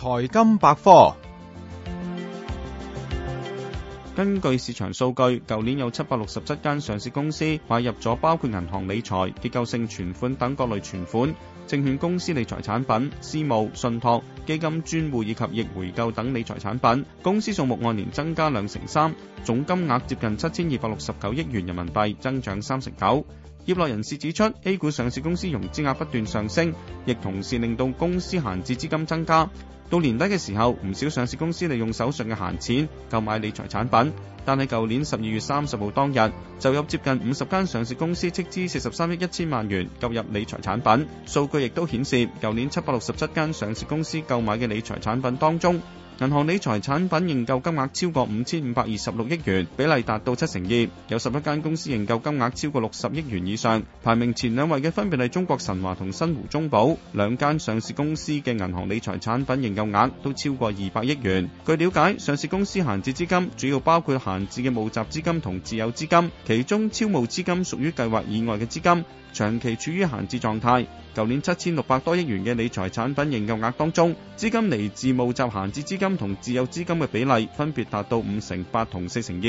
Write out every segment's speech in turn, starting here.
財金百科，根據市場數據，舊年有七百六十七間上市公司買入咗包括銀行理財、結構性存款等各類存款、證券公司理財產品、私募、信託、基金專戶以及逆回購等理財產品，公司數目按年增加兩成三，總金額接近七千二百六十九億元人民幣，增長三成九。業內人士指出，A 股上市公司融資額不斷上升，亦同時令到公司閒置資金增加。到年底嘅時候，唔少上市公司利用手上嘅閒錢購買理財產品。但係舊年十二月三十號當日，就有接近五十間上市公司斥資四十三億一千萬元購入理財產品。數據亦都顯示，舊年七百六十七間上市公司購買嘅理財產品當中，銀行理財產品認購金額超過五千五百二十六億元，比例達到七成二，有十一間公司認購金額超過六十億元以上。排名前兩位嘅，分別係中國神華同新湖中寶兩間上市公司嘅銀行理財產品認購額都超過二百億元。據了解，上市公司閒置資金主要包括閒置嘅募集資金同自有資金，其中超募資金屬於計劃以外嘅資金，長期處於閒置狀態。舊年七千六百多億元嘅理財產品認購額當中，資金嚟自募集閒置資金同自有資金嘅比例分別達到五成八同四成二，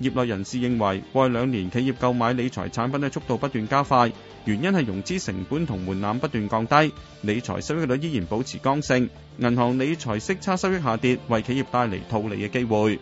業內人士認為，過去兩年企業購買理財產品嘅速度不斷加快，原因係融資成本同門檻不斷降低，理財收益率依然保持剛性，銀行理財息息差收益下跌，為企業帶嚟套利嘅機會。